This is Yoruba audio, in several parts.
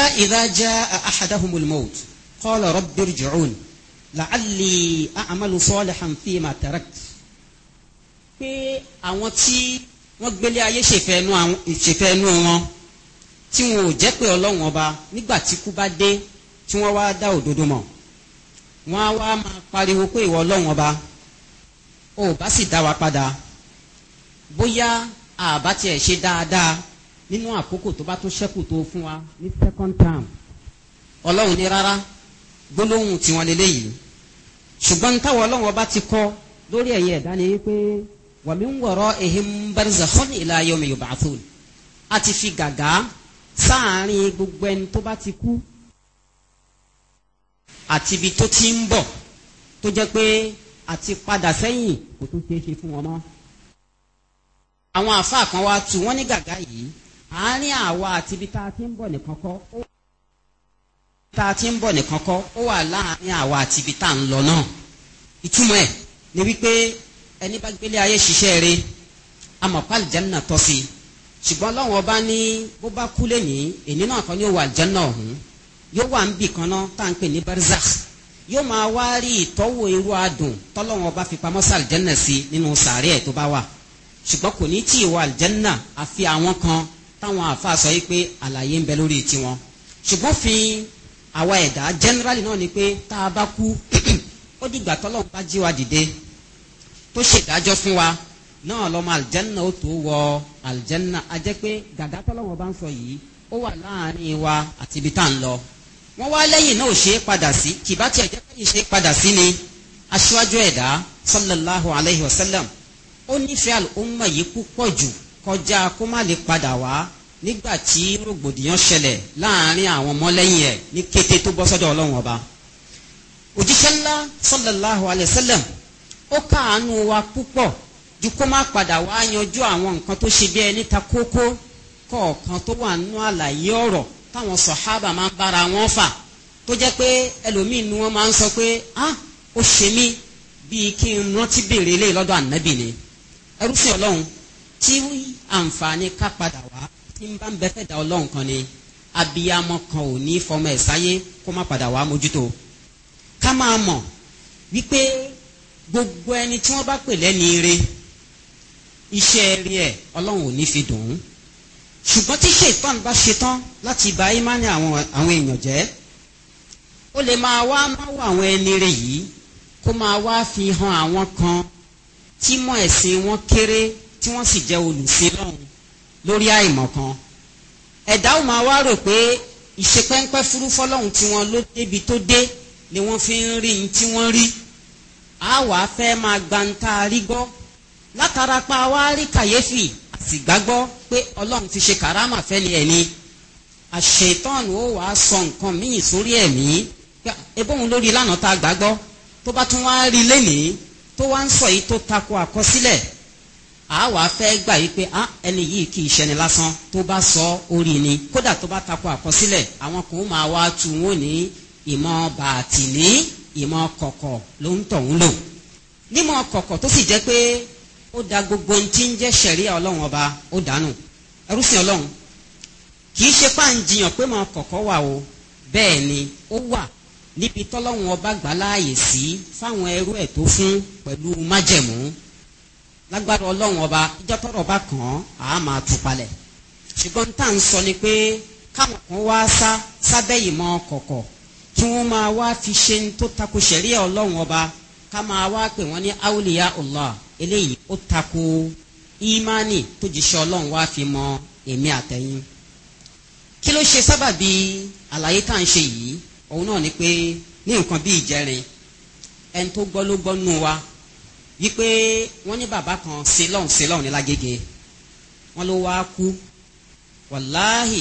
hatta idha jaa ahadahumul maut qala rabbi irji'un la'alli a'malu salihan fima pé àwọn tí wọ́n gbélé ayé ṣèfẹ́nu ìṣèfẹ́nu wọn tí wọn ò jẹ́ pé ọlọ́run ọba nígbà tí kú bá dé tí wọ́n wá dá òdodo mọ̀ wọ́n á wá máa pariwo pé ìwọ ọlọ́run ọba ò bá sì dá wa padà bóyá àbá tiẹ̀ ṣe dáadáa nínú àkókò tó bá tún ṣẹ́kù tó fún wa ní second term ọlọ́run ní rárá gbólóhùn tiwọn lélẹ́yìí ṣùgbọ́n táwọn ọlọ́run ọba ti kọ́ lórí ẹ̀yìn ẹ̀dá ni wípé wa min wara'ihim barzakhun ila yawmi yub'athun a ti fi gàgá sáàárín gbogbo ẹni tó bá ti kú àti ibi tó ti ń bọ̀ tó jẹ́ pé àti padà sẹ́yìn kò tún ṣeé ṣe fún wọn mọ́. àwọn àáfàá kan wá wọ́n ní gàgá yìí àárín àwa àti ibi tá a ti ń bọ̀ nìkan kọ́ ó tá a ti ń bọ̀ nìkan kọ́ ó wà láàárín àwa àti ibi tá a ń lọ náà ìtumọ̀ ẹ̀ ni wípé ẹni bá gbélé ayé ṣiṣẹ́ rẹ̀ amọ̀pá àlìjánná tọ́ sí i ṣùgbọ́n Ọlọ́run ọba ní bó bá kú lẹ́yìn èní náà kan yóò wà àlìjánná ọ̀hún yóò wà ń bì kan náà tá à ń pè ní barzakh yóò máa wá rí ìtọ́wò irú adùn tọ́lọ́run ọba fi pamọ́ sí àlìjánná sí nínú sàárẹ̀ tó bá wà ṣùgbọ́n kò ní tí ì wà àlìjánná àfi àwọn kan táwọn àfa sọ yìí pé àlàyé ń bẹ lórí tiwọn ṣùgbọ́n fi àwa ẹ̀dá generally náà ni pé tá a bá kú ó dìgbà tọ́lọ́ bá jí wa dìde tó ṣèdájọ́ fún wa náà lọ́mọ àlìjẹ́nà ó tó wọ àlìjẹ́nà a jẹ́ pé gàgá tọ́lọ́wọ́ bá ń sọ yìí ó wà láàrin wa àti ibi tá à ń lọ wọ́n wá lẹ́yìn náà ṣe é padà sí kì bá tiẹ̀ jẹ́ lẹ́yìn ṣe é padà sí ni aṣíwájú ẹ̀dá sallallahu alayhi wa sallam ó nífẹ̀ẹ́ àlùmọ̀ yìí púpọ̀ jù kọjá kó má lè padà wá nígbà tí rògbòdìyàn ṣẹlẹ̀ láàrin àwọn ọmọlẹ́yìn ẹ̀ ní kété tó bọ́ sọ́dọ̀ ọlọ́run ọba òjíṣẹ́ ńlá sallallahu alayhi sallam ó káàánú wa púpọ̀ ju kó má padà wá yanjú àwọn nǹkan tó ṣe bí ẹni ta kókó kọ̀ọ̀kan tó wà nínú àlàyé ọ̀rọ̀ táwọn sọ̀hábà máa ń bára wọn fà tó jẹ́ pé ẹlòmíín ni wọ́n máa ń sọ pé ah ó ṣe mí bíi kí n rántí béèrè lé lọ́dọ̀ ànábì ni ẹrú sí ọlọ́run tí àǹfààní ká padà wá tí ń bá ń bẹ́fẹ̀ dá ọlọ́run kan ni abiyamọ kan ò ní fọmọ ẹ̀ sáyé kó má padà wá mójútó ká máa mọ̀ wípé gbogbo ẹni tí wọ́n bá pè lẹ́ni ire iṣẹ́ rí ẹ̀ ọlọ́run ò ní fi dùn ún ṣùgbọ́n tí ṣètàn bá ṣetán láti bà ìmánì àwọn èèyàn jẹ́ ó lè máa wá máwọ àwọn ẹni rẹ̀ yìí kó máa wá fi hàn àwọn kan tí mọ̀ ẹ̀sìn wọn kéré tí wọ́n sì jẹ́ olùsìn lọ́hùn lórí àìmọ̀ kan ẹ̀dá ò máa wá rò pé ìṣepẹ́ńpẹ́ fúrúfọ́ lọ́hùn tí wọ́n ló débi tó dé ni wọ́n fi ń rí ní tí wọ́n rí a wà á fẹ́ máa gbanta rí gbọ́ látara pa wá rí kàyéfì àti gbàgbọ́ pé ọlọ́run ti ṣe kàrámà fẹ́ni ẹni àṣetán ó wà á sọ nǹkan míì sórí ẹ̀mí ebóhun lórí lánàá tá gbàgbọ́ tó bá tún wá rí lénìí tó wá ń sọ yìí tó tako àkọsílẹ̀ a wàá fẹ́ gbà yí pé ah ẹni yìí kì í ṣẹni lásán tó bá sọ orí ni kódà tó bá takò àkọsílẹ̀ àwọn kò máa wá tu wọn ní ìmọ̀ bàtìní ìmọ̀ kọ̀kọ̀ ló ń tọ̀hún lò nímọ̀ kọ̀kọ̀ tó sì jẹ́ pé ó da gbogbo ohun tí ń jẹ́ sẹ̀ríà ọlọ́run ọba ó dànù ẹrú sìn ọlọ́run kì í ṣe páǹjiyàn pé mọ̀ kọ̀kọ̀ wà o bẹ́ẹ̀ ni ó wà níbi tọ́lọ́run ọba gbà láàyè sí fáwọn ẹrú ẹ̀ tó fún pẹ̀lú májẹ̀mú lágbára ọlọ́run ọba ìjọ tọrọ bá kàn án àá máa tú palẹ̀ ṣùgbọ́n tá à ń sọ ni pé káwọn kan wá sá sábẹ́ ìmọ̀ kọ̀kọ̀ kí wọ́n máa wá fi ṣe ń tó tako ṣẹ̀ríà ọlọ́run ọba ká máa wá pè wọ́n ní awliya Allah eléyìí ó tako ìmánì tó jíṣẹ́ ọlọ́run wá fi mọ èmi àtẹ̀yìn kí ló ṣe sábàbí àlàyé tá à ń ṣe yìí òun náà ni pé ní nǹkan bí ìjẹrin ẹni tó gbọ́ ló gbọ́ nù wa wípé wọ́n ní bàbá kan sílọ̀n sílọ̀n ní lágége wọ́n ló wá kú wàláhì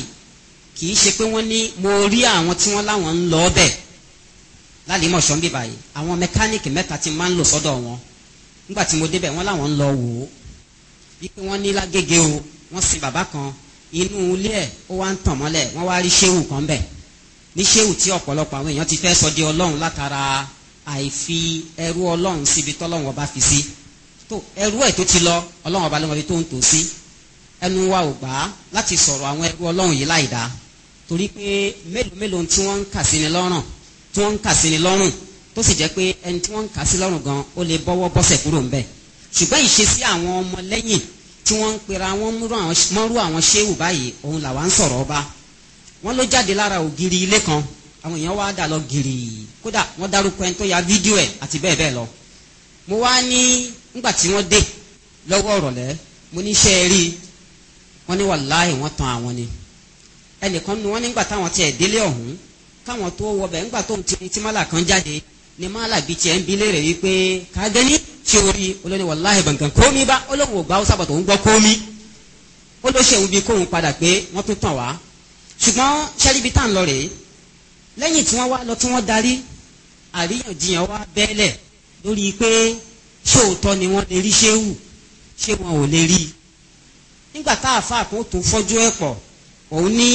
kì í ṣe pé wọ́n ní mo rí àwọn tí wọ́n láwọn ń lọ ọbẹ̀ lálẹ́mọ̀ṣọ́ ń bì báyìí àwọn mẹkáníìkì mẹ́ta ti máa ń lò sọ́dọ̀ wọn nígbà tí mo débẹ̀ wọ́n láwọn ń lọ wò ó wípé wọ́n ní lágége o wọ́n sin bàbá kan inú ilé ẹ̀ ó wá ń tàn mọ́lẹ̀ wọ́n wá rí ṣéwù kan bẹ̀ ní ṣéwù tí ọ̀pọ̀lọpọ̀ àwọn èèyàn ti fẹ́ sọ di ọlọ́run látara àìfi ẹrú ọlọ́run síbi tọ́lọ́run ọba fi sí tó ẹrú ẹ̀ tó ti lọ ọlọ́run ọba lọ́wọ́ ibi tó ń tò sí ẹnu wa ò gbà á láti sọ̀rọ̀ àwọn ẹrú ọlọ́run yìí láì dáa torí pé mélòó mélòó tí wọ́n ń kà sí ni lọ́rùn tí wọ́n ń kà sí ni lọ́rùn tó sì jẹ́ pé ẹni tí wọ́n ń kà sí lọ́rùn gan ó lè bọ́wọ́ bọ́sẹ̀ kúrò ńbẹ̀ ṣùgbọ́n ìṣesí àwọn ọmọ lẹ́yìn tí wọ́n ń pera wọn mọ́rú àwọn ṣéwù báyìí òun làwa ń sọ̀rọ̀ ọba wọ́n ló jáde lára ògiri ilé kan àwọn èèyàn wá dà lọ gèrè kódà wọ́n dárúkọ ẹni tó ya fídíò ẹ̀ àti bẹ́ẹ̀ bẹ́ẹ̀ lọ mo wá ní nígbà tí wọ́n dé lọ́wọ́ ọ̀rọ̀lẹ́ mo ní iṣẹ́ rí wọ́n ní wàláhì wọ́n tan àwọn ni ẹnìkan nu wọ́n nígbà táwọn tiẹ̀ délé ọ̀hún káwọn tó wọbẹ̀ nígbà tó ti ti mọ́là kan jáde ni mọ́là bíi tiẹ̀ ń bi léèrè wípé kàdéní tí o rí olóni wàláhì bàǹkan kómi bá olóhùn ògbà ọ̀sàbọ̀ lẹ́yìn tí wọ́n wá lọ tí wọ́n darí àríyànjiyàn wá bẹ́ẹ̀lẹ̀ lórí pé ṣòótọ́ ni wọ́n lè rí ṣéwù ṣé wọn ò lè rí i nígbà tá a fa àkótó fọ́jú ẹ̀ pọ̀ òun ní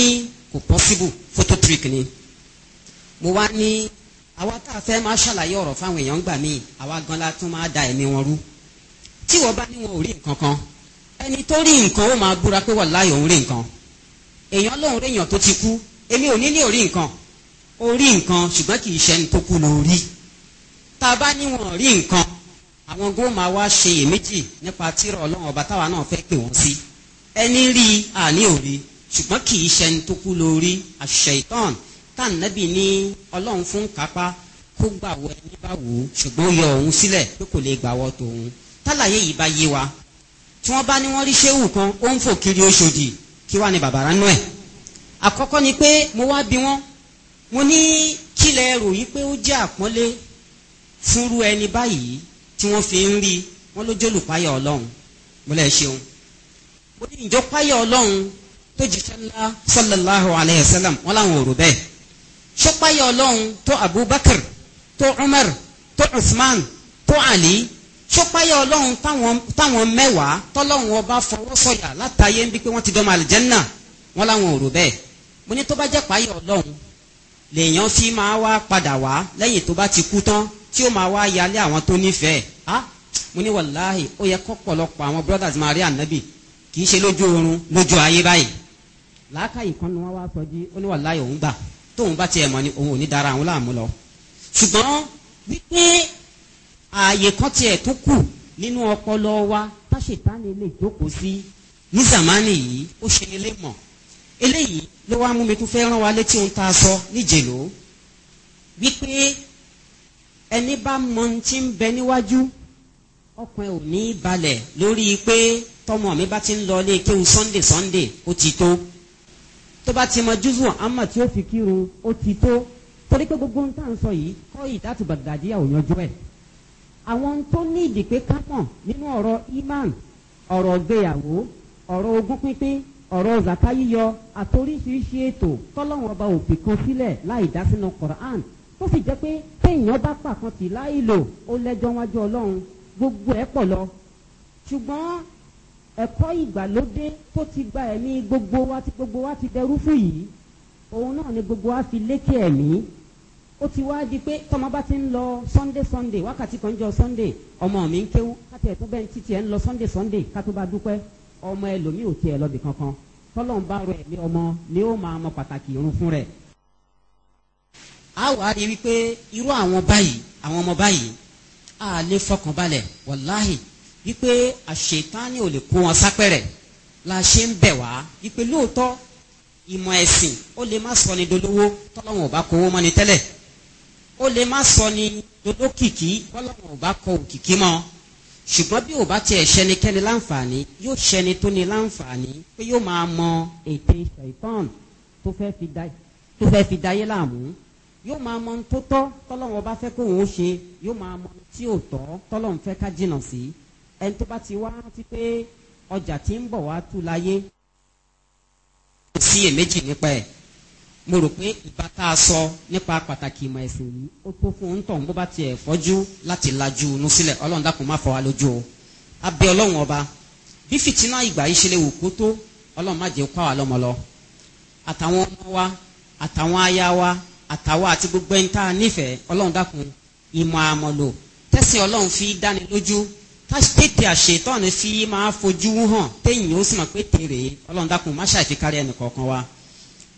kò pọ́síbù photo trick ni mo wá ní àwa tá a fẹ́ máa ṣàlàyé ọ̀rọ̀ fáwọn èèyàn gbà míì àwa gan la tún máa da ẹ̀mí wọn rú tí wọ́n bá ní wọn ò rí nǹkan kan ẹni tó rí nǹkan ó máa búra pé wàláhì òun rí nǹkan èèyàn lòun rí èèyàn tó ti kú èmi ò ní ní ò nǹkan orí nǹkan ṣùgbọ́n kì í ṣẹni tó kú lórí tá a bá níwọ̀n rí nǹkan àwọn góòmà wa ṣe èméjì nípa tírọ̀ ọlọ́run ọba táwa náà fẹ́ pè wọ́n sí ẹni rí àní òrí ṣùgbọ́n kì í ṣẹni tó kú lórí àṣẹ ìtàn tànàbì ní ọlọ́run fún kápá kó gbà wọ ẹni bá wò ó ṣùgbọ́n yọ òun sílẹ̀ pé kò lè gbà wọ tòun tálàyé yìí bá yé wa tí wọ́n bá ní wọ́n rí ṣéwù kan ó ń fò kiri oṣòdì kí wá ní bàbá ránú ẹ̀ àkọ́kọ́ ni pé mo wá bí wọ́n mo ní kílẹ̀ rò yí pé ó jẹ́ àpọ́nlé fúnrú ẹni báyìí tí wọ́n fi ń rí wọ́n ló jólùpáyà ọlọ́run mo lẹ́ ṣeun mo ní ìjọ páyà ọlọ́run tó jíṣẹ́ ńlá sallallahu alayhi wa sallam wọ́n láwọn ò rò bẹ́ẹ̀ ṣó páyà ọlọ́run tó Abubakar tó Umar tó Usman tó Ali sọpáyà ọlọ́run táwọn mẹ́wàá tọ́lọ́run ọba fọwọ́ sọ̀yà látàyé ń bí pé wọ́n ti dọ́mọ àlìjẹ́nà wọn láwọn ò rò bẹ́ẹ̀ mo ní tó bá jẹ́ páyà ọlọ́run lèèyàn fi máa wá padà wá lẹ́yìn tó bá ti kú tán tí ó máa wá yálé àwọn tó nífẹ̀ẹ́ ah mo ní wàláhì ó yẹ kọ́pọ̀lọpọ̀ àwọn brothers máa rí ànábì kì í ṣe lójú oorun lójú ayé báyìí làákàyè kan ni wọ́n wá sọ jí ó ní wàláhì òun gbà tóun bá tiẹ̀ mọ̀ ni òun ò ní dara àwọn láàmú lọ ṣùgbọ́n wípé ààyè kan tiẹ̀ tó kù nínú ọpọlọ wa táṣetánilè jókòó sí ní zamani yìí ó ṣe ni mọ̀ eléyìí ló wá mú mi tún fẹ́ rán wa létí ohun tá a sọ níjèló wípé ẹni bá mọ ohun tí ń bẹ níwájú ọkàn ò ní balẹ̀ lórí pé tọmọ mi bá ti ń lọ ilé kéwu sunday sunday ó ti tó tó bá ti mọ júzù àmọ́ tí ó fi kírun ó ti tó torí pé gbogbo ohun tá à ń sọ yìí kọ́ yìí láti bàgàdíyà yanjú ẹ̀ àwọn ohun tó ní ìdìpé kápọ̀ nínú ọ̀rọ̀ imam ọ̀rọ̀ ìgbéyàwó ọ̀rọ̀ ogún pínpín ọ̀rọ̀ zaka yíyọ àtoríṣiríṣi ètò tọ́lọ́wọ́n ọba òbí kan sílẹ̀ láì dá sínú Quran tó sì jẹ́ pé téèyàn bá pàkan tì láì lò ó lẹ́jọ́ wájú Ọlọ́run gbogbo ẹ̀ pọ̀ lọ ṣùgbọ́n ẹ̀kọ́ ìgbàlódé tó ti gba ẹ̀mí gbogbo wa ti gbogbo wa ti dẹrú fún yìí òun náà ni gbogbo wa fi lékè ẹ̀mí ó ti wá di pé tọmọ bá ti ń lọ Sunday Sunday wákàtí kan jọ Sunday ọmọ mi ń kéwú káti ẹ̀ tó bẹ́ẹ̀ títí ẹ̀ ń lọ Sunday Sunday ká tó bá dúpẹ́ ọmọ ẹlòmíì ò tiẹ̀ lọ́bì kankan tọ́lọ́ ń bá rọ ẹ̀mí ọmọ ni ó máa mọ pàtàkì irun fún rẹ̀. a wàá rí wípé irú àwọn báyìí àwọn ọmọ báyìí a lè fọkàn balẹ̀ wàláhì wípé àṣetánì ò lè kó wọn sápẹ̀rẹ̀ la ṣe ń bẹ̀ wá wípé lóòótọ́ ìmọ̀ ẹ̀sìn ó lè má sọ ni dolówó tọ́lọ́wọ̀n ò bá kówó mọ́ni tẹ́lẹ̀ ó lè má sọ ni dolókìkí tọ́lọ́wọ̀n ò bá kọ òkìkí mọ́ ṣùgbọ́n bí ò bá tiẹ̀ ṣẹnikẹ́ni láǹfààní yóò ṣẹni tó ní láǹfààní pé yóò máa mọ ète ṣàìtàn tó fẹ́ fi dayé láàmú yóò máa mọ tó tọ́ tọ́lọ́run ọba fẹ́ kóun ó ṣe yóò máa mọ tí ò tọ́ tọ́lọ́run fẹ́ ká jìnnà sí ẹni tó bá ti wá rántí pé ọjà tí ń bọ̀ wá tú láyé kò sí èméjì nípa ẹ̀ mo rò pé ìbá tá a sọ nípa pàtàkì ìmọ̀ ẹ̀sìn yìí ó tó fún un tọ̀hún bó bá tiẹ̀ fọ́jú láti lajú inú sílẹ̀ ọlọ́run dákun má fọ́ wa lójú o a bẹ̀ ọlọ́run ọba bí fìtínà ìgbà yìí ṣe lè wò kó tó ọlọ́run má jẹ́ kó àwa lọ́mọ lọ àtàwọn ọmọ wa àtàwọn aya wa àtàwọn àti gbogbo ẹni tá a nífẹ̀ẹ́ ọlọ́run dákun ìmọ̀ àmọ̀lò tẹ́sí ọlọ́run fi dáni lójú tètè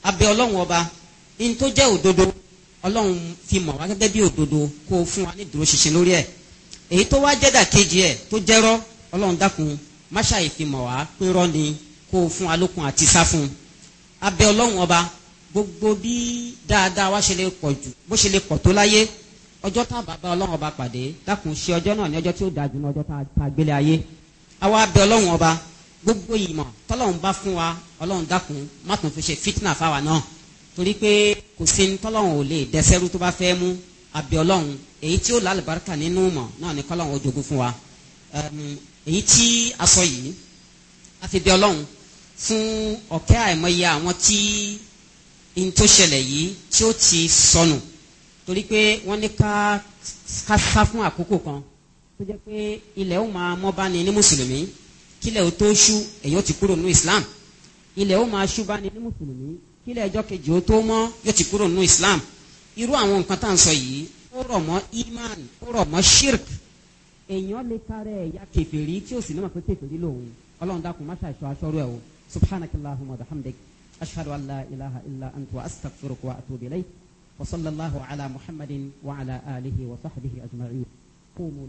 abẹ ọlọ́run ọba ní tó jẹ́ òdodo ọlọ́run fi mọ̀ wá gẹ́gẹ́ bí òdodo kó o fún wa ní ìdúró ṣinṣin lórí ẹ̀ èyí tó wá jẹ́dà kejì ẹ̀ tó jẹ́rọ́ ọlọ́run dákun máṣá ìfimọ̀ wá pé rọ́ ni kó o fún wa lókun àti sá fún un abẹ ọlọ́run ọba gbogbo bí dáadáa wá ṣe lè pọ̀ jù bó ṣe lè pọ̀ tó láyé ọjọ́ tá bàbá ọlọ́run ọba pàdé dákun ṣe ọjọ́ náà ní ọjọ́ tí ó dáa jù ní ọjọ́ tá a gbélé ayé àwa abẹ ọlọ́run ọba gbogbo ìmọ̀ tọ́lọ́run bá fún wa ọlọ́run dákun má tún fi ṣe fitna fáwa náà torí pé kò sí ní tọ́lọ́run ò lè dẹ́sẹ́rú tó bá fẹ́ mú àbẹ̀ ọlọ́run èyí tí ó lá àlùbáríkà nínú mọ̀ náà ni kọ́lọ́run ó jogún fún wa èyí tí a sọ yìí a fi bẹ̀ ọlọ́run fún ọ̀kẹ́ àìmọye àwọn tí n tó ṣẹlẹ̀ yìí tí ó ti sọnù torí pé wọ́n ní ká sá fún àkókò kan tó jẹ́ pé ilẹ̀ ó máa mọ́ bá ní ní mùsùlùmí kílẹ̀ ó tó ṣú ẹ̀yọ́ ti kúrò nínú islam ilẹ̀ ó máa ṣú bá ní ní mùsùlùmí kílẹ̀ ẹjọ́ kejì ó tó mọ́ yóò ti kúrò nínú islam irú àwọn nǹkan tá à ń sọ yìí ó rọ̀ mọ́ iman ó rọ̀ mọ́ shirk èèyàn lè kárẹ̀ ẹ̀yà kẹfẹ́rí tí ó sì ní mọ̀ pé kẹfẹ́rí lòun ọlọ́run dákun má ṣàṣọ aṣọ́rú ẹ̀ o subhanakallahumma wa bihamdik ashhadu an ilaha illa anta astaghfiruka wa atubu ilayk wa sallallahu ala muhammadin wa ala alihi wa sahbihi ajma'in. قوموا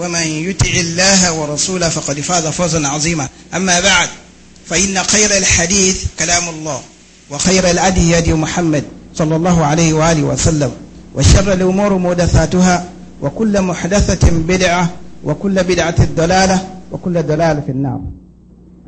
ومن يطع الله ورسوله فقد فاز فوزا عظيما أما بعد فإن خير الحديث كلام الله وخير الأدي هدي محمد صلى الله عليه وآله وسلم وشر الأمور محدثاتها وكل محدثة بدعة وكل بدعة ضلالة وكل ضلالة في النار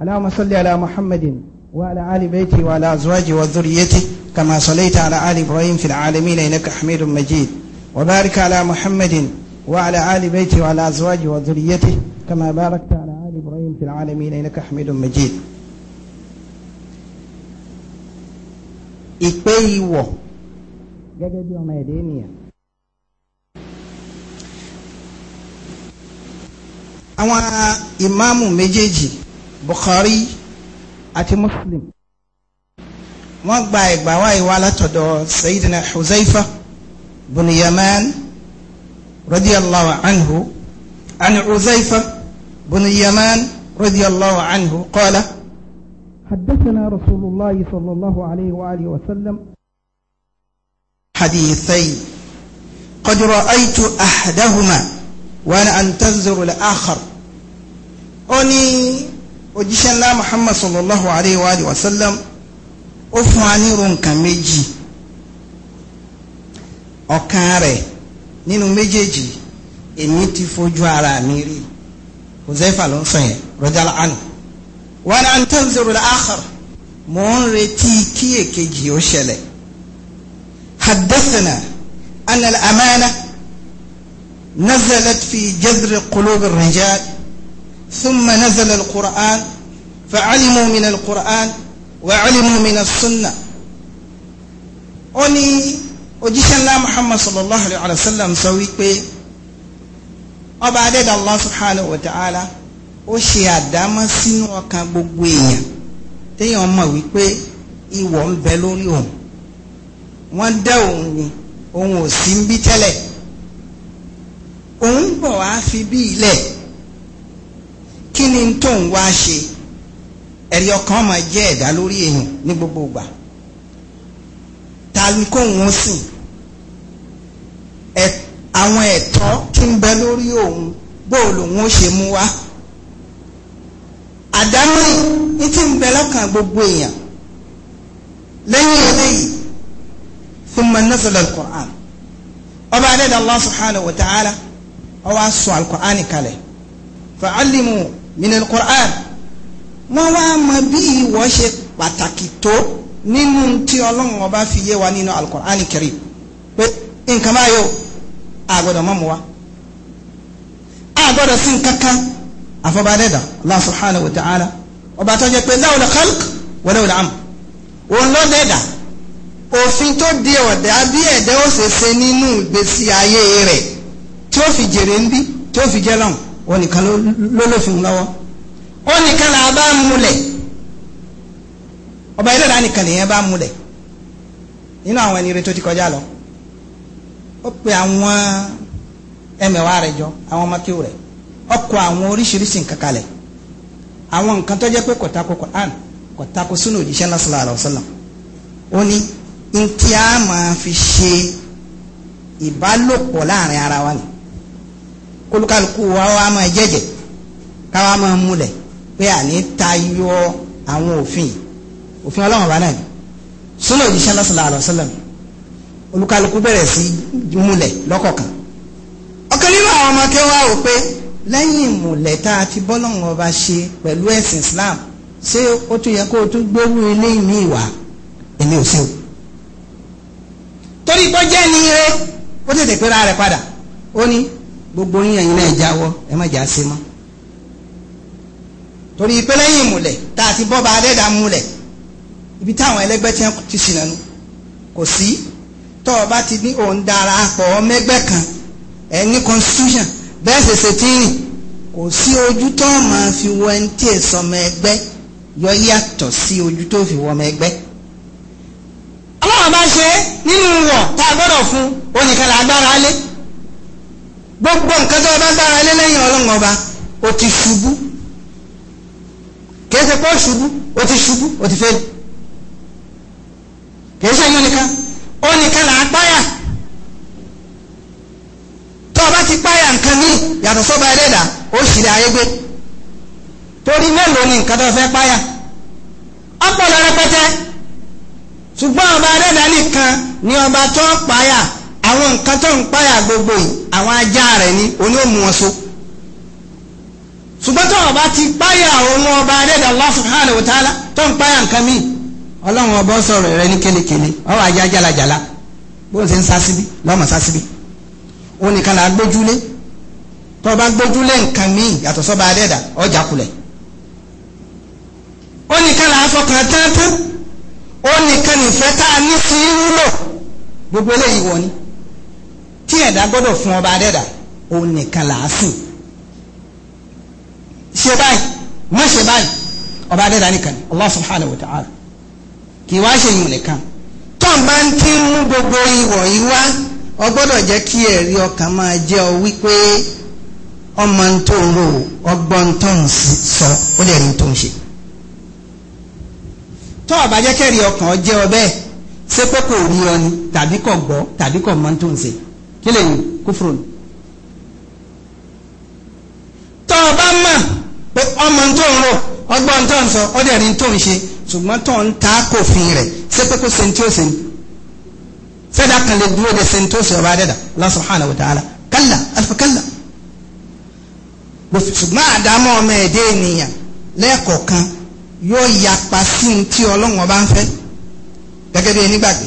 اللهم صل على محمد وعلى آل بيته وعلى أزواجه وذريته كما صليت على آل إبراهيم في العالمين إنك حميد مجيد وبارك على محمد وعلى آل بيته وعلى أزواجه وذريته كما باركت على آل إبراهيم في العالمين إنك حميد مجيد ìpè ìwọ̀ gẹ́gẹ́ bí ọmọ ẹ̀dẹ́ ènìyàn. àwọn ìmáàmù méjèèjì Bukhari àti Muslim wọ́n gba ìgbà wáyé wa látọ̀dọ̀ Sayyidina Huzaifa bin رضي الله عنه عن عزيفة بن اليمان رضي الله عنه قال حدثنا رسول الله صلى الله عليه وآله وسلم حديثين قد رأيت أحدهما وأنا أنتظر الآخر أني òjíṣẹ́ ńlá muhammad sallallahu alayhi wa alihi wa sallam ó fún wa nínú méjèèjì èmi ti fojú ara mi rí Huzaifa ló ń sọ yẹn rọjàlá àná wọn à ń tẹ́wọ́sọ̀rọ̀ àkàr mò ń retí kí èkejì ó ṣẹlẹ̀ haddathana anna al-amana nazalat fi jazri qulub ar-rijal nazala al-Qur'an fa'alimu min al-Qur'an wa'alimu min as òjíṣẹ́ ńlá muhammad sallallahu alayhi wa sallam sọ wípé ọba adéda allah subhanahu wa ta'ala ó ṣe àdámọ́ sínú ọkàn gbogbo èèyàn téèyàn mọ̀ wípé ìwọ̀ ń bẹ lórí òun wọ́n dá òun ni òun ò sí ń bí tẹ́lẹ̀ òun bọ̀ fi bí ilẹ̀ kí ni tóun wá ṣe ẹ̀rí ọkàn máa jẹ́ ẹ̀dá lórí èèyàn ní gbogbo ìgbà ta ni àwọn ẹ̀tọ́ tún bẹ lórí òun bóò lòun ó ṣe mú wá àdámọ́rin ní tí ń bẹ lọ́kàn gbogbo èèyàn lẹ́yìn eléyìí thumma nazala al-Qur'an ọba adẹ́dàá Allah subhanahu wa ta'ala ó sọ al kalẹ̀ fa'allimu min al wọ́n wá mọ bí ìwọ ṣe pàtàkì tó nínú tí ọlọ́run ọba fi yé wa nínú al-Qur'an pé nǹkan báyìí o àgbọ̀dọ̀ mọ́ mu wa àgbọ̀dọ̀ sí nǹkan Allah subhanahu wa ta'ala ọba tó jẹ́ pé láwùlẹ̀ khalq wọlé wọlé am òun ló dẹ́dà òfin tó di ọ̀dà bí ẹ̀dẹ́ ó ṣe ṣe nínú ìgbésí ayé rẹ̀ tí ó fi jèrè ń bí tí ó fi jẹ́ lọ́hùn ó nìkan ló lófin lọ́wọ́ ó nìkan là bá ń múlẹ̀ ọba ìdọ̀dà nìkan lèyẹn bá ń múlẹ̀ nínú àwọn ẹni rẹ tó ti kọjá lọ ó pe àwọn ẹmẹ̀wá rẹ̀ jọ àwọn ọmọ kéwù rẹ̀ ó kọ àwọn oríṣiríṣi nǹkan kalẹ̀ àwọn nǹkan tó jẹ́ pé kò tako Quran kò tako sunu òjíṣẹ́ náà sallallahu alaihi wasallam ó ní ntí a máa fi ṣe ìbálòpọ̀ láàrin ara wa ni kólúkálukú wa wa máa jẹ́jẹ́ káwa máa múlẹ̀ pé àní tayọ àwọn òfin òfin ọlọ́run bá náà ni sunu òjíṣẹ́ náà sallallahu alaihi wasallam olúkálukú bẹ̀rẹ̀ sí múlẹ̀ lọ́kọ̀ọ̀kan ọ̀kan nínú àwọn ọmọ kí wá wò pé lẹ́yìn ìmùlẹ̀ tá a fi bọ́lọ́run ọba ṣe pẹ̀lú ẹ̀sìn Islam ṣé ó tún yẹ kó o tún gbérú ilé ìní ìwà èmi ò sí o torí pọ́jẹ́ ni ire ó tètè pera rẹ̀ padà ó ní gbogbo yín ẹ̀yin náà jáwọ́ ẹ má jà á ṣe mọ́ torí pé lẹ́yìn ìmùlẹ̀ tá a ti bọ́ ba adẹ́dàá múlẹ̀ ibi táwọn ẹlẹ́gbẹ́ ti ń ti kò sí. Si tọ́ ọ bá ti ní òun darapọ̀ mẹ́gbẹ́ kan ẹ ní constitution bẹ́ẹ̀ ṣèṣe tí ń rìn kò sí ojú tó máa fi wọ ẹni tí è sọmọ ẹgbẹ́ yọ yàtọ̀ sí ojú tó fi wọmọ ẹgbẹ́. ọlọ́run bá ṣe nínú wọ̀ tá a gbọ́dọ̀ fún oníkan là gbára lé gbogbo nǹkan tó o bá gbára lé lẹ́yìn ọlọ́run ọba o ti ṣubú kìí ṣe pé o ṣubú o ti ṣubú o ti fẹ́ẹ́ kìí ṣe yín nìkan. ó nìkan là á páyà o bá ti páyà nǹkan míì yàtọ̀ sọ́ba ẹlẹ́dà ó ayé gbé torí mélòó ni nǹkan tó fẹ́ páyà ọpọlọ rẹpẹtẹ ṣùgbọ́n ọba ẹlẹ́dà nìkan ni ọba tó páyà àwọn nǹkan tó ń páyà gbogbo yìí àwọn ajá rẹ̀ ni oní òmù wọn so ṣùgbọ́n tó o ti páyà òun ọba ẹlẹ́dà Allah subhanahu wa ta'ala tó ń páyà nǹkan míì. ọlọ́run ọba sọ̀rọ̀ rẹ ní kélekèle ọwọ́ ajá jalajala bó ń ṣe ń sásíbí lọ́mọ sásíbí òun nìkan là á gbójúlé tó o bá gbójúlé nǹkan míì yàtọ̀ sọ́ba adẹ́dà ọjà kulẹ̀ ó nìkan là á fọkàn tẹ́tẹ́ ó nìkan nìfẹ́ tá a ní sí wúlò gbogbo eléyìí wọ̀ ni tí ẹ̀dá gbọ́dọ̀ fún ọba adẹ́dà òun là á sìn ṣe báyìí má ṣe báyìí ọba adẹ́dà nìkan Allah subhanahu wa ta'ala. kì í wá ṣe yìí nìkan tọ́n bá ń tí mú gbogbo ìwọ̀ yìí wá ọ gbọ́dọ̀ jẹ́ kí ẹ̀rí ọkàn máa jẹ́ ọ wípé ọmọ ń tó rò ọgbọ́n tó ń sọ ó dẹ̀ ní tó ń ṣe tọ́ ọ̀bá jẹ́ kẹ́rì ọkàn ọ jẹ́ ọ bẹ́ẹ̀ ṣé pé kò rí ọ ni tàbí kò gbọ́ tàbí kò mọ tó ń ṣe kí lè yìn kúfúrò ni tọ́ bá mọ̀ pé ọmọ ń tó rò ọgbọ́n tó ń sọ ó dẹ̀ ní tó ń ṣe ṣùgbọ́n tó ń ta kò fin rẹ̀ ṣé pé kó ṣe ní tí ó ṣe fẹ́dà kan lè dúró de ṣe ọba dẹ́dà Allah subhanahu wa ta'ala kálá alfa kálá ṣùgbọ́n àdámọ́ ọmọ ẹ̀dẹ́ ènìyàn lẹ́ẹ̀kọ̀ọ̀kan yóò yapa sí ní tí ọlọ́run ọba ń fẹ́ gẹ́gẹ́ bí enígbàgbé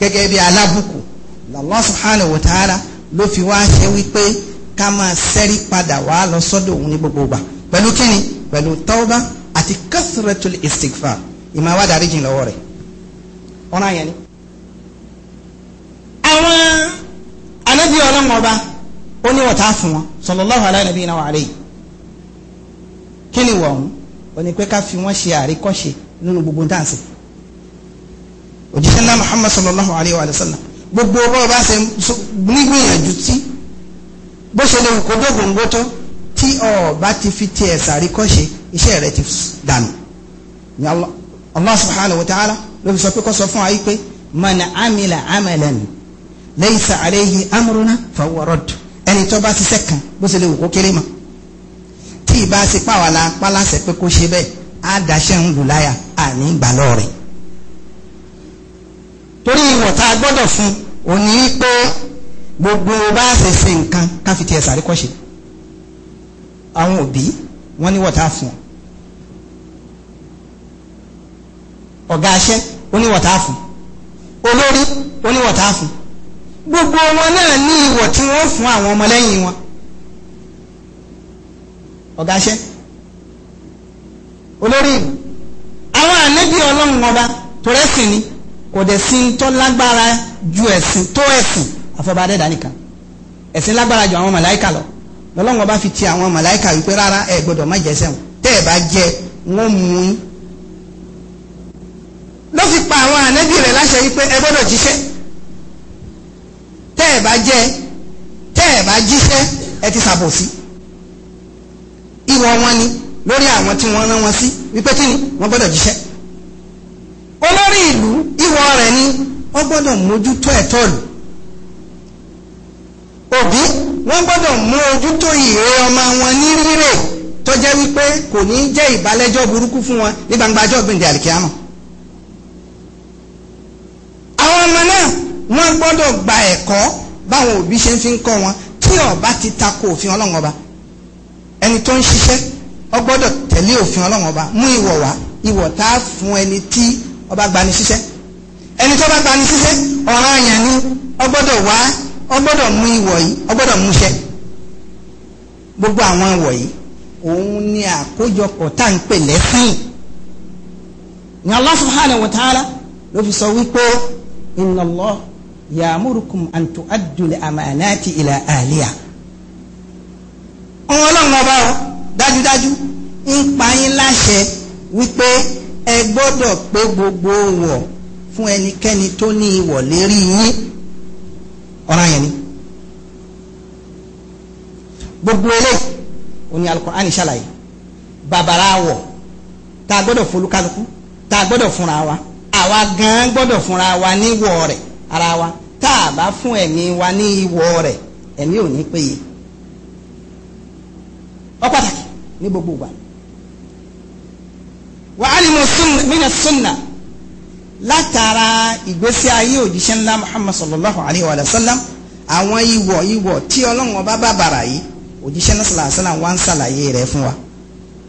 gẹ́gẹ́ bí alábùkù Allah subhanahu wa ta'ala ló fi wá ṣe wípé ká máa sẹ́rí padà wá lọ sọ́dọ̀ òun ní gbogbo ìgbà pẹ̀lú kíni pẹ̀lú tauba àti kathratul istighfar ìmọ̀ wá dáríjì lọ́wọ́ rẹ̀ ọ̀ràn yẹn ni. àwọn anábì ọlọ́run ọba ó ní ọ̀tá fún wọn sallallahu alaihi nabi náà wà rẹ̀ yìí kí ni wọ̀ ọ̀hún ó ní pé ká fi wọ́n ṣe àríkọ́ṣe nínú gbogbo dáǹsì òjíṣẹ́ ńlá Muhammad sallallahu alaihi wa sallam gbogbo ọba ọba ṣe nígbìyànjú tí bó ṣe lè wù kó dógóńgó tó tí ọba ti fi tiẹ̀ sàríkọ́ṣe iṣẹ́ rẹ̀ ti dànù ní Allah allah subhanahu wa ta'ala ló fi sọ pé kó sọ fún wa yìí pé man amila amalan laysa alayhi amruna fahuwa radd ẹni tó bá ṣiṣẹ́ kan bó ṣe lè wò kó kéré mọ́ tí ì bá ṣe pàwọ́lá pálásẹ̀ pé kó ṣe bẹ́ẹ̀ á daṣẹ́ ń gùn àní ìgbàlọ́ rẹ̀ torí ìwọ̀ tá a gbọ́dọ̀ fún ò ní pé gbogbo bá ṣe ṣe nǹkan káfíntì ẹ̀ sàríkọ́ṣe àwọn òbí wọ́n ní wọ̀ tá a fún ọ ọ̀gá aṣẹ́ oníwọ̀tá fún olórí oníwọ̀tá fún gbogbo wọn náà ní ìwọ̀ tí wọ́n fún àwọn ọmọlẹ́yìn wọn ọ̀gá aṣẹ́ olórí ìlú àwọn ànábì ọlọ́run ọba tòrẹ́sìn ni kò dẹ̀ sí ń tọ́ lágbára ju ẹ̀sìn tó ẹ̀sìn àfọbàdẹ́dà nìkan ẹ̀sìn lágbára ju àwọn màláìkà lọ lọ́lọ́run ọba fi ti àwọn màláìkà wípé rárá ẹ gbọ́dọ̀ má jẹ́ sẹ́wọ̀n tẹ́ ẹ bá jẹ wọ́n mú un àwọn ànábì rẹ̀ láṣẹ wípé pé ẹ jíṣẹ́ tẹ́ bá jẹ́ bá jíṣẹ́ ẹ ti ṣàbòsí ìwọ wọn ni lórí àwọn tí wọn rán wọn sí wípé kí ni wọ́n jíṣẹ́ olórí ìlú ìwọ ni wọ́n gbọdọ mójútó òbí wọn gbọdọ ìrè ọmọ wọn ní rírè wípé kò fún wọn ní gbangba wọ́n gbọ́dọ̀ gba ẹ̀kọ́ báwọn òbí ṣe fi ń kọ́ wọn tí ọba ti tako òfin ọlọ́run ọba ẹni tó ń ṣiṣẹ́ ọ gbọ́dọ̀ tẹ̀lé òfin ọlọ́run ọba mú ìwọ̀ wá ìwọ̀ tá a fún ẹni tí ọba gbani ṣiṣẹ́ ẹni tó bá gbani ṣiṣẹ́ ọ̀ràn àyàn ni ọ gbọ́dọ̀ wá ọ gbọ́dọ̀ mú ìwọ̀ yìí ọ mú iṣẹ́ gbogbo àwọn ìwọ̀ yìí òun ni àkójọpọ̀ tá à ń pè lẹ́sìn ni Allah subhanahu wa ta'ala ló fi sọ wípé inna Allah yàmúrukùm àǹtò àdùlẹ̀ àmàlàtì ìlà àlíyà. ọmọ ọlọ́run ọba ọ dájúdájú ń pa yín láṣẹ wípé ẹ gbọ́dọ̀ pé gbogbo wọ̀ fún ẹnikẹ́ni tó ní ìwọ̀ lérí yín ọ̀ràn yẹn ni. gbogbo eléyìí oní Al-Qur'ani ṣàlàyé bàbàrà wọ̀ tá a gbọ́dọ̀ folúkálukú tá a gbọ́dọ̀ fúnra wa àwa gan gbọ́dọ̀ fúnra wa níwọ̀ rẹ̀ ara wa tá a bá fún ẹ̀mí wa ní ìwọ rẹ̀ ẹ̀mí ò ní péye ọ pàtàkì ní gbogbo ìgbà wa alimu mina sunna látara ìgbésí ayé òjíṣẹ́ ńlá muhammad sallallahu alayhi wa sallam àwọn ìwọ ìwọ tí ọlọ́run ọba bá bàrà yìí òjíṣẹ́ náà sallallahu alayhi wa sallam wá ń ṣàlàyé rẹ̀ fún wa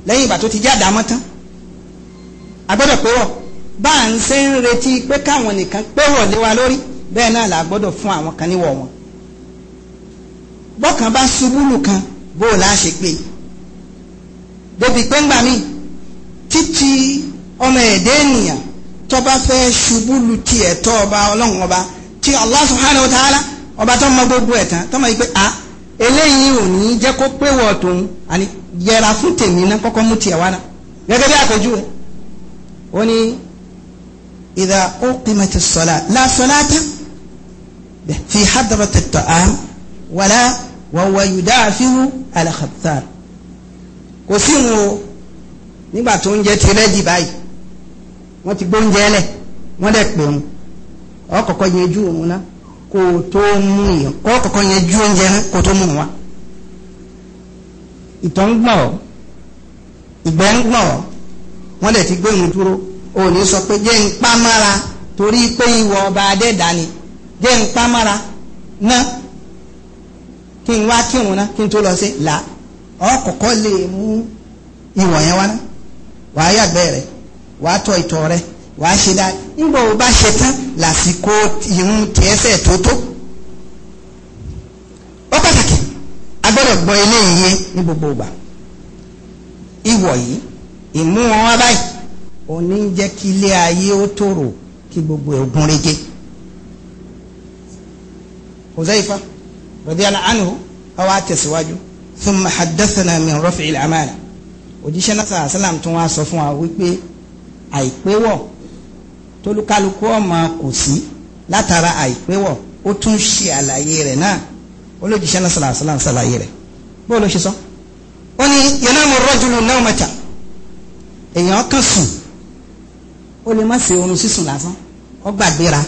lẹ́yìn ìgbà tó ti jẹ́ àdámọ́ tán a pé wọ́n. bá ń ṣe ń retí pé káwọn nìkan pé wọlé wa lórí bẹ́ẹ̀ náà là fún àwọn kan níwọ̀ wọn bọ́kàn bá ṣubú nìkan bó o láṣẹ pé débi pé gbà títí ọmọ ẹ̀dẹ́ ènìyàn tó fẹ́ ṣubú ti ẹ̀tọ́ ọba ọlọ́run ọba tí ọlọsọ subhanahu ọba tó mọ gbogbo ẹ̀ a eléyìí ò ní jẹ́ kó pé wọ̀ tòun àní yẹra fún tèmi náà kọ́kọ́ mú إذا أقمت الصلاة لا صلاة في حضرة الطعام ولا وهو يدافع على خبثار kò sí wọn o nígbà tó ń jẹ ti rẹ́dì báyìí wọ́n ti gbóúnjẹ lẹ̀ wọ́n lẹ̀ pè wọn ọkọ̀kọ̀ yanjú òun ná kò tó mú yàn ọkọ̀kọ̀ yanjú oúnjẹ ná kò tó mú wa. ìtọ̀ ń gbọ̀n ọ́ ìgbẹ́ ń gbọ̀n ọ́ wọ́n lẹ̀ ti gbé dúró ò ní sọ pé jẹ́ ń torí pé ìwọ ọba adẹ́dá ni jẹ́ ń pa ná kí n wá kírun ná kí n tó lọ sí là ọkọ̀ọ̀kọ́ lè mú ìwọ̀ yẹn wá ná wàá yàgbẹ́ rẹ̀ wàá tọ̀ ìtọ̀ rẹ̀ wàá ṣe dáa nígbà wo bá ṣe tán lásìkò ìrun tẹ́sẹ̀ tó tó ó pàtàkì a gbọ́ eléyìí ní gbogbo ìgbà ìwọ̀ yìí ìmú wọn wá òní ń jẹ́ kí ilé ayé ó tòrò kí gbogbo ẹ̀ gún régé Huzaifa radiyallahu anhu ọwọ́ àtẹ̀síwájú thumma haddathana min rafi'il amana òjíṣẹ́ náà sàrà sálàm tún wá sọ fún wa wípé àìpéwọ̀ tólúkálukú ọmọ kò sí látara àìpéwọ̀ ó tún ṣe àlàyé rẹ̀ náà olójíṣẹ́ náà sàrà sálàm sàlàyé rẹ̀ bó ló ṣe sọ. ó ní yanamu rajulu nawmata èèyàn kan sùn ó lè má ṣe oorun sísùn lásán ó gbàgbéra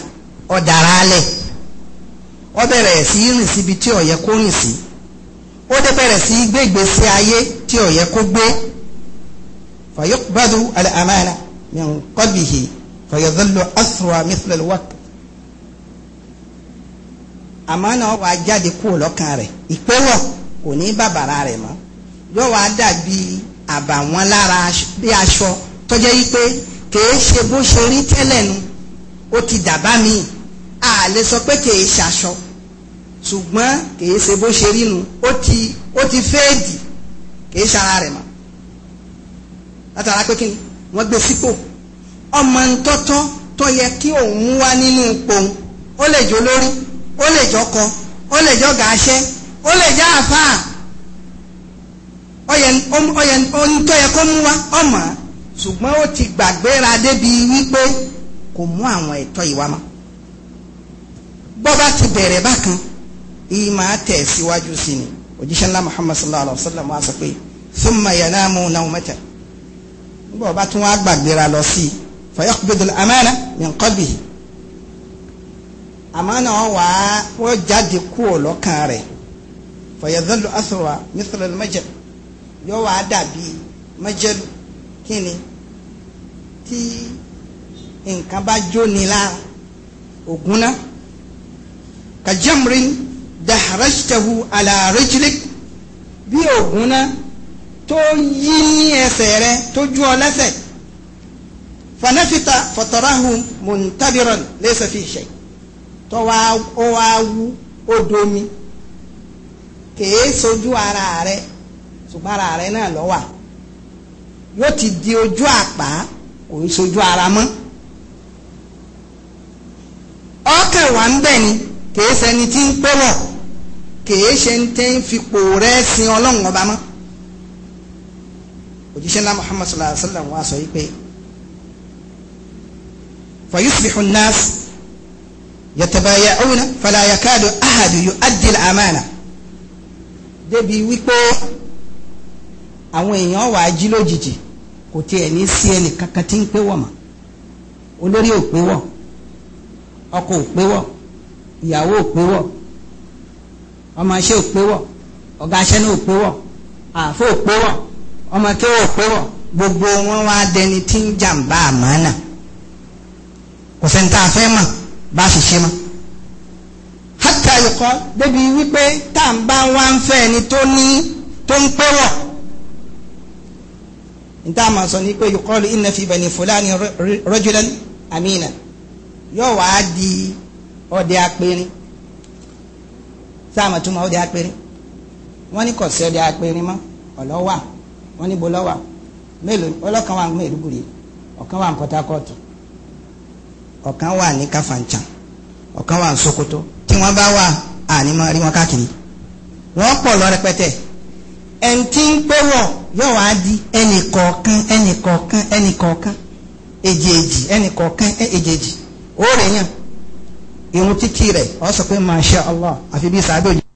ó dára alẹ̀ ó bẹ̀rẹ̀ sí rìn síbi tí ó yẹ kó rìn sí ó dé bẹ̀rẹ̀ sí gbé ìgbésí ayé tí ó yẹ kó gbé fayokbadu al-amana min qalbihi fayadhallu asra wa, al-waqt àmánà ó wá jáde kúrò lọ́kàn rẹ̀ ìpéwọ̀ kò ní bàbàrà rẹ̀ mọ́ yóò wá dàbí àbàwọ́n lára bí aṣọ tó yí pé kèé ṣe bó ṣe rí tẹ́lẹ̀ nu ó ti dàbá mi à lè sọ pé kèé ṣaṣọ ṣùgbọ́n kèé ṣe bó ṣe rí nu ó ti ó ti fẹ́ẹ̀dì kèé ṣara rẹ̀ mọ́ látara pé kí ni wọ́n gbé sípò ọmọ ntọ́tọ́ tó yẹ kí òun wá nínú pòun ó lè jọ lórí ó lè jọkọ ó lè jọ gàáṣẹ ó lè jẹ àáfàá ọyẹ ń tó yẹ kó mú wá ọmọ ṣùgbọ́n ó ti gbàgbéra débi wípé kò mú àwọn ẹ̀tọ́ ìwà mọ́ bó bá ti bẹ̀rẹ̀ bákan ìyí máa tẹ̀ síwájú sí ni òjíṣẹ́ ńlá Muhammad sallallahu alayhi wa sallam wá sọ pé thumma yanamu nawmata bó bá tún wá gbàgbéra lọ sí i fa yaqbidu al-amana min qalbihi àmánà wọn wà á wọ́n jáde kúrò lọ́kàn rẹ̀ fa yadhallu athruha mithla al-majal yóò dàbí májẹ̀lú kí ni tí nǹkan bá jóni lára ògùn náà kàjẹ́mìrín dàrẹ́sítẹ́hù àlàrẹ́jìlẹ́ bí ògùn náà tó yí ní ẹsẹ̀ rẹ tó ju ọ lẹ́sẹ̀ fanafita fọtọrahu muntabiran lẹ́sẹ̀ fi ṣe tó wá ó wá wú ó domi kèé sojú ara rẹ ṣùgbọ́n ara rẹ náà lọ́wà yóò ti di ojú àpá kò í sojú ara mọ́ ọkàn wà ń bẹ̀ ni kìí ṣẹni tí ń pẹ́wọ̀ kìí ṣe ń tẹ́ ń fipò rẹ̀ sin ọlọ́run ọba mọ́ òjíṣẹ́ ńlá Muhammad sallallahu alayhi wa sallam wa sọ yìí pé fa yusbihu an-nas yatabaya'una fala yakadu ahadu yu'addi al-amana débi wípé àwọn èèyàn wà á jí lójijì. kò tiẹ̀ ní sí ẹnì kankan tí ń pé wọ̀ mọ́ olórí ò pé wọ̀ ọkọ ò pé wọ̀ ìyàwó ò pé ọmọ ò pé wọ̀ ọ̀gá náà ò pé wọ̀ ò gbogbo wọn wá dẹni tí ń jàǹbá àmánà kò sẹ́ni tá a fẹ́ mọ̀ bá a ṣe mọ́ hátà ìkọ́ débi wípé níta máa sọ ní pé yuqalu inna fi bani fulani rajulan amina yóò wá di ọdẹ apẹrin sáàmà túmọ̀ ọdẹ apẹrin wọ́n ní kò sí ọdẹ apẹrin mọ́ ọ̀lọ́wà wọ́n ní bo lọ́wà mélòó ọlọ́kan wà ní Maiduguri ọ̀kan wà ní Port Harcourt ọ̀kan wà ní Kafanchan bá wà àní máa rí wọn káàkiri wọ́n pọ̀ lọ rẹpẹtẹ ẹni tí ń pé wọ̀ yóò wá di ẹnìkọ̀ọ̀kan ẹnìkọ̀ọ̀kan ẹnìkọ̀ọ̀kan èjèèjì ẹnìkọ̀ọ̀kan èjèèjì ó rèéyàn irun títí rẹ̀ ó sọ pé masha Allah àfi bí sàbẹ̀ òjì.